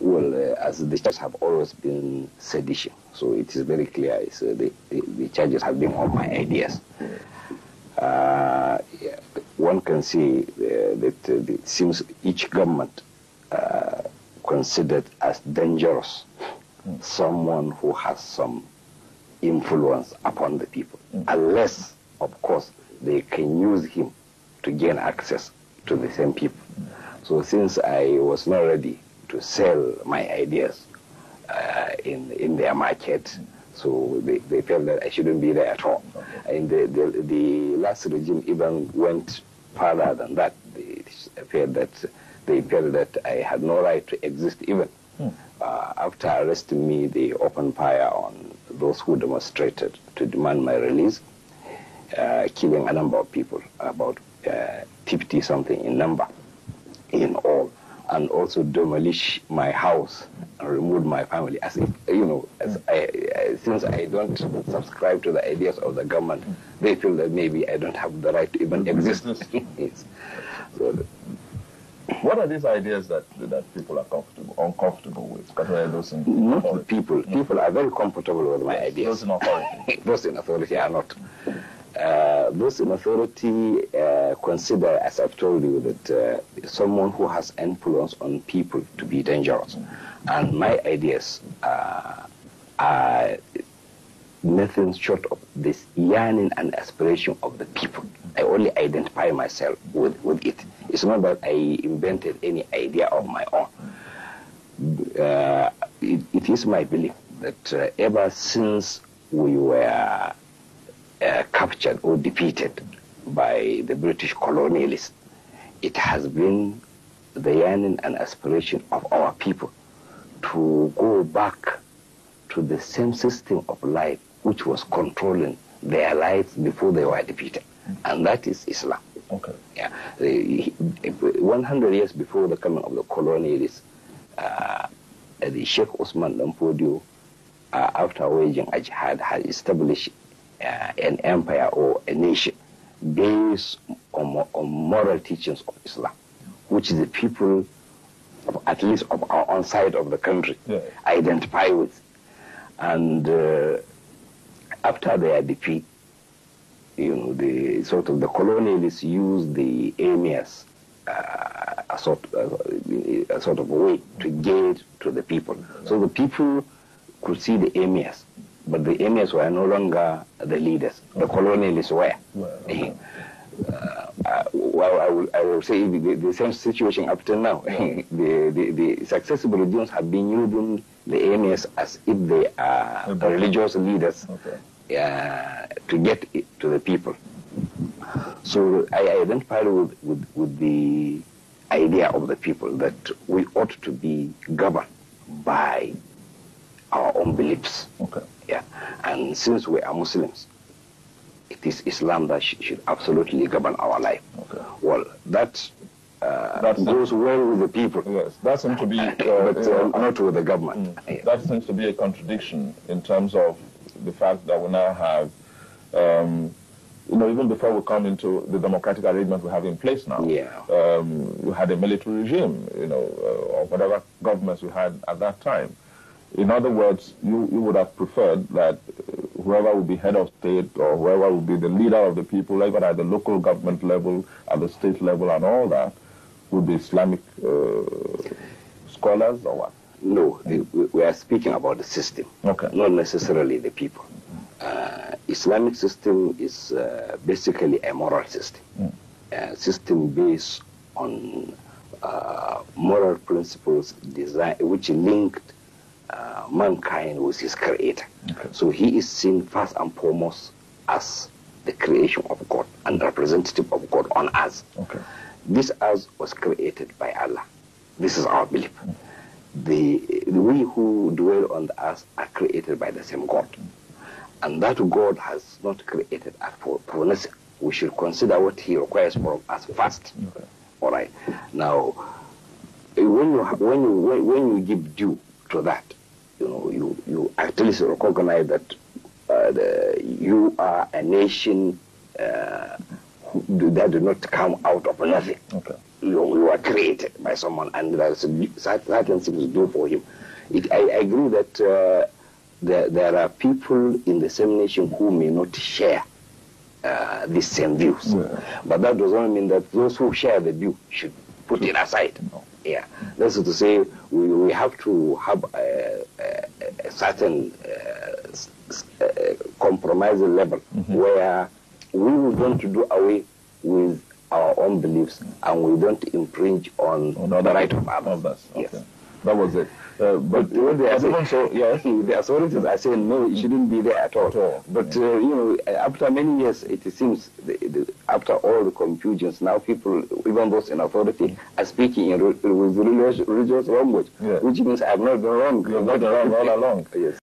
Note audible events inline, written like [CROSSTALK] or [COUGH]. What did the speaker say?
Well, uh, as the charges have always been sedition, so it is very clear uh, the, the, the, charges have been of my ideas. Uh, yeah, one can see uh, that it uh, seems each government uh, considered as dangerous mm. someone who has some influence upon the people, mm. unless, of course, they can use him to gain access to the same people. Mm. So since I was not ready to sell my ideas uh, in, in their market. So they, they felt that I shouldn't be there at all. And the, the, the last regime even went further than that. They felt that, they felt that I had no right to exist even. Hmm. Uh, after arresting me, they opened fire on those who demonstrated to demand my release, uh, killing a number of people, about uh, 50 something in number and also demolish my house and remove my family. As if, you know, as I, since I don't subscribe to the ideas of the government, they feel that maybe I don't have the right to even mm-hmm. exist. [LAUGHS] yes. so, what are these ideas that that people are comfortable, uncomfortable with? those in not authority. people. People are very comfortable with my yes, ideas. Those in authority. [LAUGHS] those in authority are not. Uh, those in authority. Uh, uh, consider, as I've told you, that uh, someone who has influence on people to be dangerous. And my ideas uh, are nothing short of this yearning and aspiration of the people. I only identify myself with, with it. It's not that I invented any idea of my own. Uh, it, it is my belief that uh, ever since we were captured or defeated, by the British colonialists. It has been the yearning and aspiration of our people to go back to the same system of life which was controlling their lives before they were defeated, and that is Islam. Okay. Yeah. 100 years before the coming of the colonialists, uh, the Sheikh Osman Lampodio, uh, after waging a jihad, had established uh, an empire or a nation based on, on moral teachings of Islam, which the people, of, at least of our own side of the country, yeah. identify with. And uh, after their defeat, you know, the sort of the colonialists used the emirs uh, a sort uh, a sort of way to get to the people. So the people could see the emirs but the Emirs were no longer the leaders. The colonialists were. Well, [LAUGHS] uh, okay. uh, well, I will, I will say the, the, same situation up to now. Yeah. [LAUGHS] the, the, the successful regimes have been using the Emirs as if they are okay. religious leaders uh, to get it to the people. So I identified with, with, with the idea of the people that we ought to be governed by our own beliefs. Okay. Yeah. And since we are Muslims, it is Islam that should absolutely govern our life. Okay. Well, that uh, that goes well with the people. Yes, that seems to be, uh, [LAUGHS] but uh, uh not with the government. Mm. That seems to be a contradiction in terms of the fact that we now have, um, you know, even before we come into the democratic arrangement we have in place now, yeah. Um, we had a military regime, you know, uh, or whatever governments we had at that time. In other words, you, you would have preferred that uh, whoever would be head of state or whoever would be the leader of the people, even at the local government level, at the state level, and all that, would be Islamic uh, scholars or what? No, the, we are speaking about the system, okay. not necessarily the people. Mm. Uh, Islamic system is uh, basically a moral system, mm. a system based on uh, moral principles design, which linked uh, mankind was his creator. Okay. So he is seen first and foremost as the creation of God and representative of God on us. Okay. This us was created by Allah. This is our belief. Okay. Mm. The, we who dwell on the earth are created by the same God. And that God has not created us for, for nothing. We should consider what he requires from us first. All right. Now, when you, when you, when you give due to that, you know, you, you at least recognize that uh, the, you are a nation uh, do, that do not come out of nothing. Okay. You, you are created by someone, and that can things do for him. It, I, I, agree that uh, there, there are people in the same nation who may not share uh, the same views. Yeah. But that does not mean that those who share the view should Put it aside. Yeah. That's to say, we, we have to have a, a, a certain uh, uh compromise level mm -hmm. where we want to do away with our own beliefs and we don't impringe on, the right of others. Okay. Yes. That was it. Uh, but, but what they say, yeah, yes. the authorities are saying no, it shouldn't be there at all. At all. But yeah. uh, you know, after many years, it seems the, the, after all the confusions, now people, even those in authority, are speaking in, with religious language, yeah. which means I've not been wrong. You've not been wrong all along. [LAUGHS] Yes.